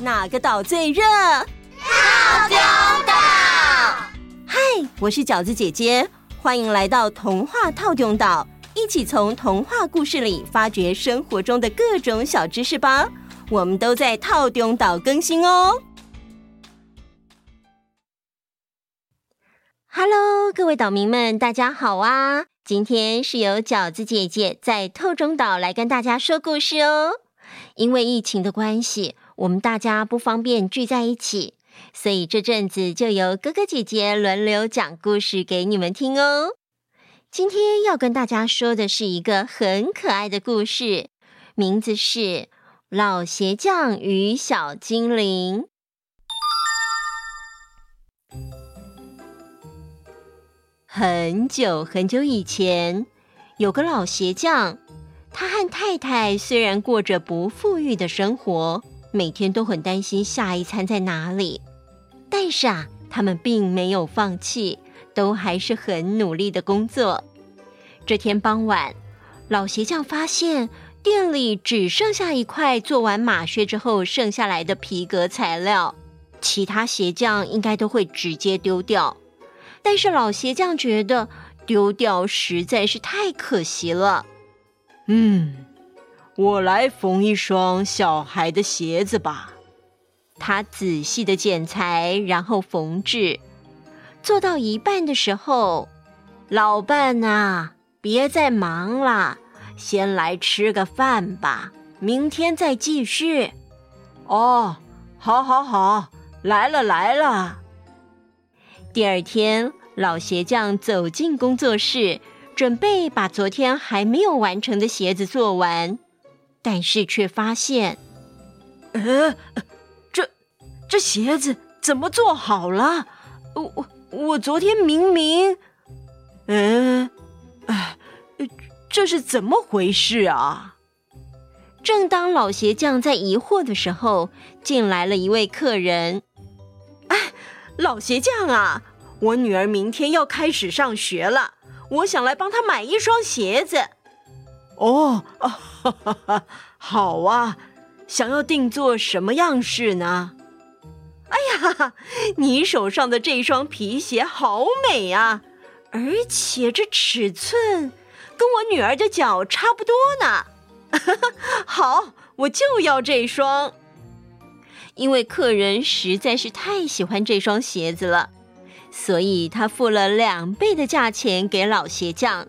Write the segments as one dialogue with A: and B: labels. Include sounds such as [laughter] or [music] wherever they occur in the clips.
A: 哪個島最熱？透中島。嗨，我是餃子姐姐，歡迎來到童話透中島，一起從童話故事裡發掘生活中的各種小知識吧。我們都在透中島更新哦。Hello，各位島民們，大家好啊！今天是由餃子姐姐在透中島來跟大家說故事哦。因為疫情的關係。我們大家不方便聚在一起，所以這陣子就由哥哥姐姐輪流講故事給你們聽哦。今天要跟大家說的是一個很可愛的故事，名字是《老鞋匠與小精靈》。很久很久以前，有個老鞋匠，他和太太雖然過着不富裕的生活。每天都很擔心下一餐在哪裡，但是啊，他們並沒有放棄，都還是很努力的工作。這天傍晚，老鞋匠發現店裡只剩下一塊做完馬靴之後剩下來的皮革材料，其他鞋匠應該都會直接丟掉，但是老鞋匠覺得丟掉實在是太可惜了。嗯。我來縫一雙小孩的鞋子吧。他仔細地剪裁，然後縫製。做到一半的時候，老伴吶、啊，別再忙了，先來吃個飯吧，明天再繼續。哦，好，好，好，來了，來了。第二天，老鞋匠走進工作室，準備把昨天還沒有完成的鞋子做完。但是卻发現，呃，這這鞋子怎麼做好了？我我我昨天明明，嗯、呃，哎，這是怎麼回事啊？正當老鞋匠在疑惑的時候，進來了一位客人。哎，老鞋匠啊，我女兒明天要開始上學了，我想來幫她買一雙鞋子。哦，哈哈哈，好啊，想要定做什麼樣式呢？哎呀，你手上的這雙皮鞋好美啊，而且這尺寸跟我女兒的腳差不多呢。 [laughs] 好，我就要這雙。因為客人實在是太喜歡這雙鞋子了，所以他付了兩倍的價錢給老鞋匠。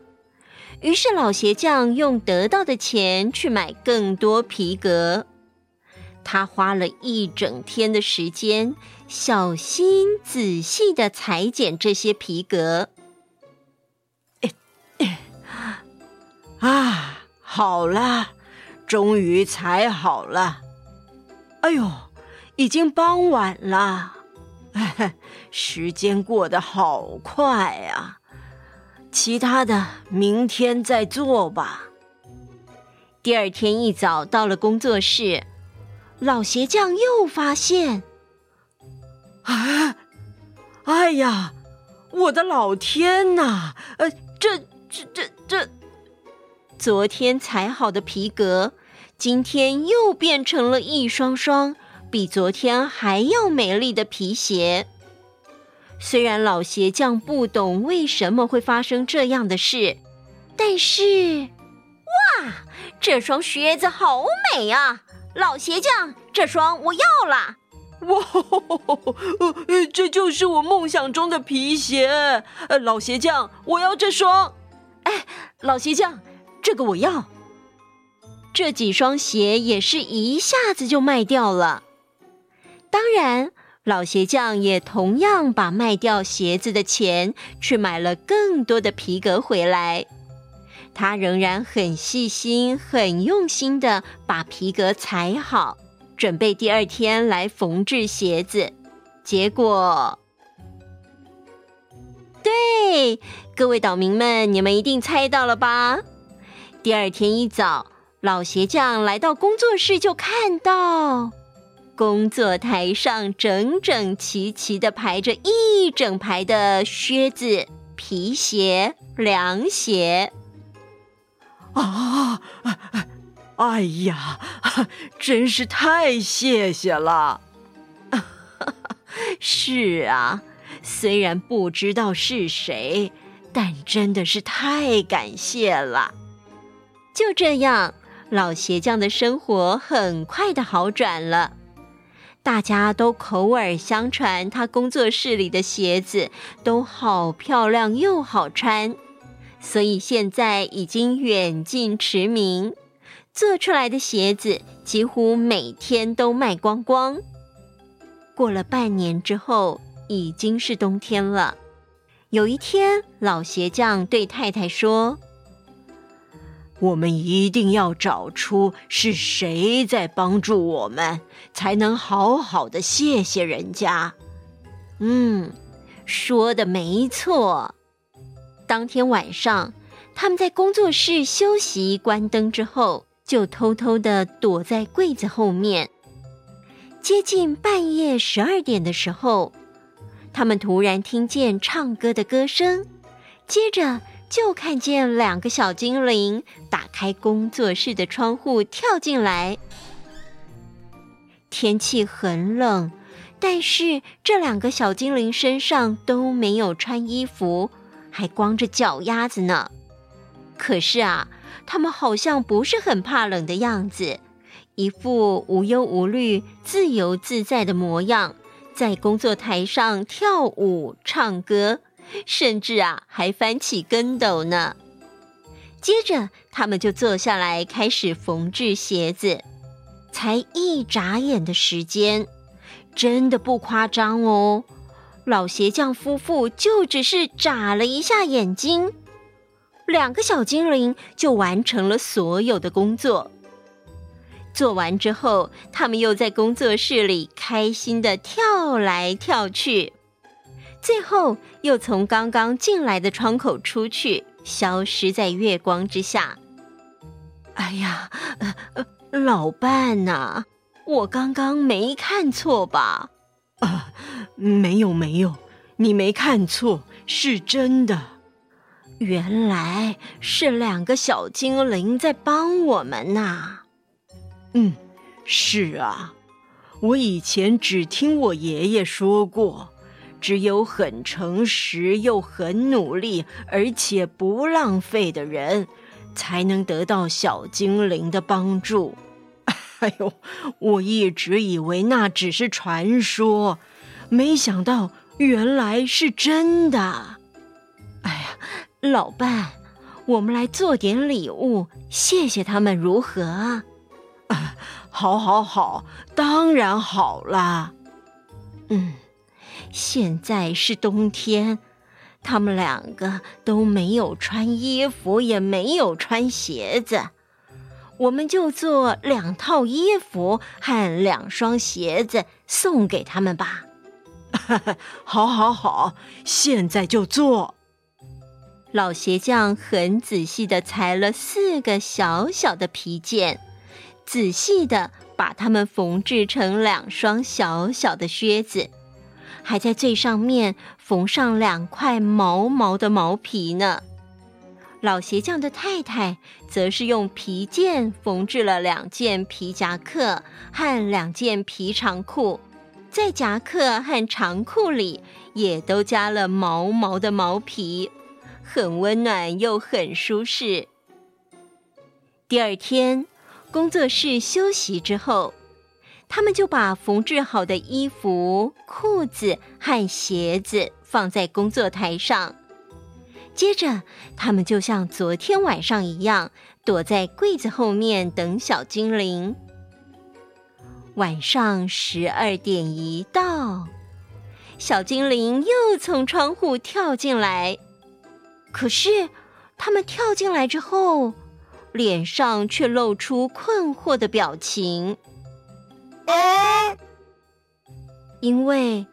A: 於是，老鞋匠用得到的錢去買更多皮革，他花了一整天的時間，小心仔細的裁剪這些皮革。哎哎、啊，好啦，終於裁好了。哎呦，已經傍晚了，時間過得好快呀、啊！其他的明天再做吧。第二天一早到了工作室，老鞋匠又發現，啊，哎呀，我的老天哪！呃、啊，這這這這，昨天裁好的皮革，今天又變成了一雙雙比昨天還要美麗的皮鞋。雖然老鞋匠不懂為什麼會發生這樣的事，但是，哇，這雙靴子好美啊！老鞋匠，這雙我要了。哇，呃，這就是我夢想中的皮鞋。呃，老鞋匠，我要這雙。哎，老鞋匠，這個我要。這幾雙鞋也是一下子就賣掉了。當然。老鞋匠也同樣把賣掉鞋子的錢去買了更多的皮革回來。他仍然很細心、很用心的把皮革裁好，準備第二天來縫制鞋子。結果，對，各位島民們，你們一定猜到了吧？第二天一早，老鞋匠來到工作室，就看到。工作台上整整齊齊地排着一整排的靴子、皮鞋、涼鞋。啊、哦，哎呀，真是太謝謝了！ [laughs] 是啊，雖然不知道是誰，但真的是太感謝了。就這樣，老鞋匠的生活很快的好轉了。大家都口耳相傳，他工作室裡的鞋子都好漂亮又好穿，所以現在已經遠近馳名，做出來的鞋子幾乎每天都賣光光。過了半年之後，已經是冬天了。有一天，老鞋匠對太太說。我們一定要找出是誰在幫助我們，才能好好的謝謝人家。嗯，說的沒錯。當天晚上，他們在工作室休息，關燈之後，就偷偷的躲在櫃子後面。接近半夜十二點的時候，他們突然聽見唱歌的歌聲，接着。就看見兩個小精靈打開工作室的窗戶跳進來。天氣很冷，但是這兩個小精靈身上都沒有穿衣服，還光着腳丫子呢。可是啊，他們好像不是很怕冷的樣子，一副無憂無慮、自由自在的模樣，在工作台上跳舞、唱歌。甚至啊，還翻起跟斗呢。接着，他們就坐下來開始縫制鞋子。才一眨眼的時間，真的不誇張哦。老鞋匠夫婦就只是眨了一下眼睛，兩個小精靈就完成了所有的工作。做完之後，他們又在工作室裡開心的跳來跳去。最後又從剛剛進來的窗口出去，消失在月光之下。哎呀，呃，老伴吶，啊，我剛剛沒看錯吧？啊，呃，沒有沒有，你沒看錯，是真的。原來是兩個小精靈在幫我們吶，啊。嗯，是啊，我以前只聽我爺爺說過。只有很誠實又很努力，而且不浪費的人，才能得到小精靈的幫助。哎呦，我一直以為那只是傳說，沒想到原來是真的。哎呀，老伴，我們來做點禮物，謝謝他們，如何？好、啊，好，好，好，當然好啦。嗯。現在是冬天，他們兩個都沒有穿衣服，也沒有穿鞋子，我們就做兩套衣服和兩雙鞋子送給他們吧。 [laughs] 好，好，好，現在就做。老鞋匠很仔細地裁了四個小小的皮件，仔細地把它們縫製成兩雙小小的靴子。還在最上面縫上兩塊毛毛的毛皮呢。老鞋匠的太太則是用皮件縫制了兩件皮夾克和兩件皮長褲，在夾克和長褲裡也都加了毛毛的毛皮，很溫暖又很舒適。第二天，工作室休息之後，他們就把縫制好的衣服、褲子和鞋子放在工作台上，接着他們就像昨天晚上一樣，躲在櫃子後面等小精靈。晚上十二點一到，小精靈又從窗戶跳進來，可是他們跳進來之後，臉上卻露出困惑的表情。嗯、因為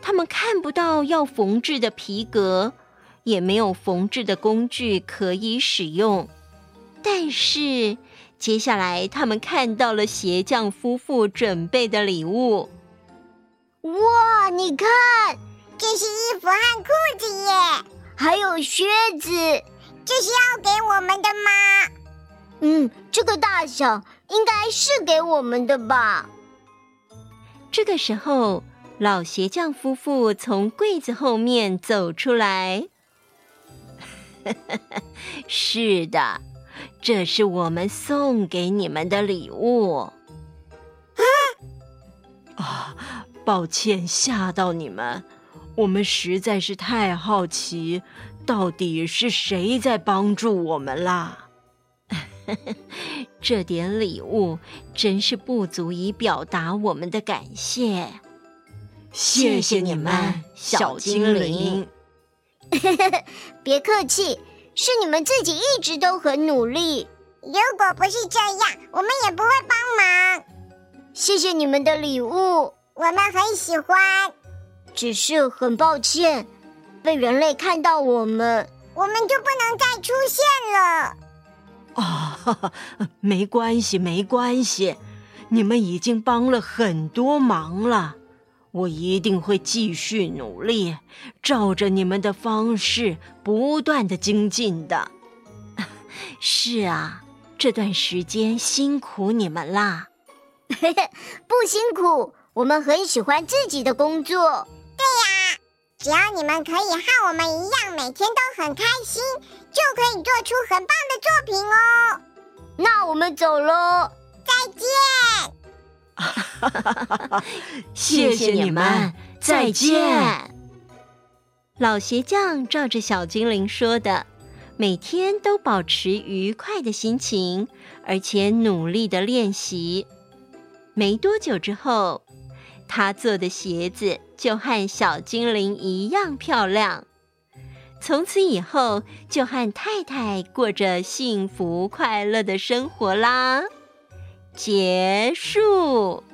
A: 他們看不到要縫制的皮革，也沒有縫制的工具可以使用。但是接下來他們看到了鞋匠夫婦準備的禮物。
B: 哇，你看，這是衣服和褲子耶，還有靴子。這是要給我們的嗎？嗯，這個大小應該是給我們的吧。
A: 這個時候，老鞋匠夫婦從櫃子後面走出來。 [laughs] 是的，這是我們送給你們的禮物。啊！抱歉嚇到你們，我們實在是太好奇，到底是誰在幫助我們啦？哈哈。這點禮物真是不足以表達我們的感謝。謝謝你們，小精靈。
B: [laughs] 別客氣，是你們自己一直都很努力。如果不是這樣，我們也不會幫忙。謝謝你們的禮物，我們很喜歡。只是很抱歉，被人類看到我們，我們就不能再出現了。哦、
A: 哈哈，沒關係，沒關係，你們已經幫了很多忙了，我一定會繼續努力，照着你們的方式不斷的精進的。是啊，這
B: 段時間辛苦你們啦， [laughs] 不辛苦，我們很喜歡自己的工作。只要你們可以和我們一樣，每天都很開心，就可以做出很棒的作品哦。那我們走嘍， [laughs] 再見！
A: 謝謝你們，再見。老鞋匠照着小精靈說的，每天都保持愉快的心情，而且努力的練習。沒多久之後。他做的鞋子就和小精靈一樣漂亮，從此以後就和太太過着幸福快樂的生活啦。結束。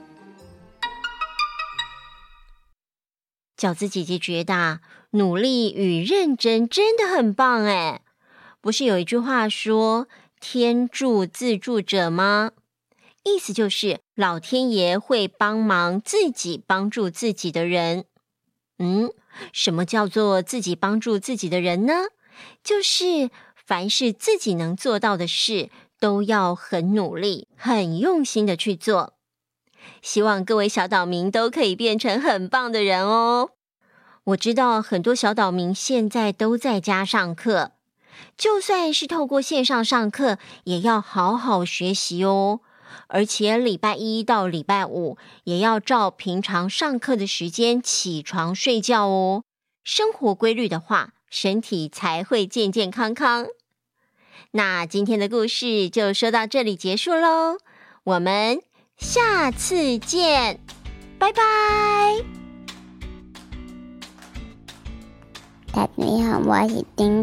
A: 餃子姐姐覺得啊，努力與認真真的很棒哎，不是有一句話說“天助自助者”嗎？意思就是老天爺會幫忙自己幫助自己的人。嗯，什麼叫做自己幫助自己的人呢？就是凡是自己能做到的事，都要很努力、很用心地去做。希望各位小島民都可以變成很棒的人哦。我知道很多小島民現在都在家上課，就算是透過線上上課，也要好好學習哦。而且禮拜一到禮拜五也要照平常上課的時間起床睡覺哦。生活規律的話，身體才會健健康康。那今天的故事就說到這裡結束嘍，我們下次見，拜
B: 拜。大家好，我是丁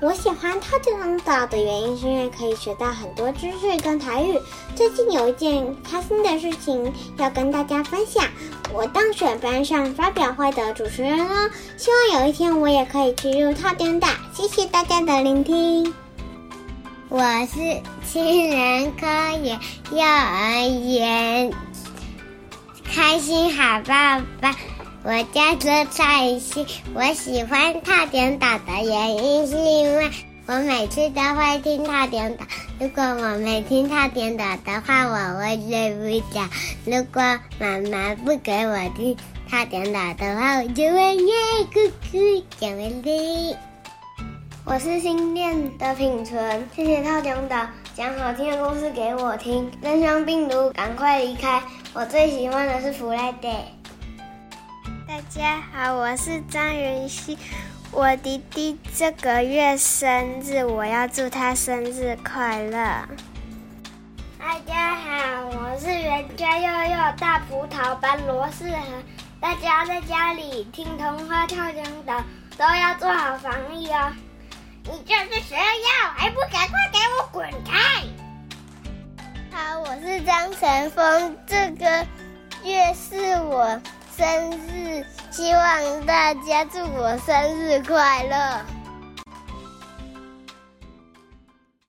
B: 我喜歡套圈島的原因是因為可以學到很多知識跟台語。最近有一件開心的事情要跟大家分享，我當選班上發表會的主持人哦！希望有一天我也可以去入套圈島。謝謝大家的聆聽。我是新人科研幼兒園開心好爸爸。我叫周彩欣，我喜歡套點島的原因是因為我每次都會聽套點島。如果我沒聽套點島的話，我會睡不着。如果媽媽不給我聽套點島的話，我就會耶，哭哭叫的。我是新店的品純，謝謝套點島。講好聽的故事給我聽。真香病毒趕快離開！我最喜歡的是弗萊德。大家好，我是張雲熙，我弟弟這個月生日，我要祝他生日快樂。大家好，我是袁家悠悠，大葡萄班羅世恆，大家在家裡聽童話跳江島都要做好防疫哦。你這是誰要？還不趕快給我滾開！好，我是張晨峰，這個月是我生日，希望大家祝我生日快樂。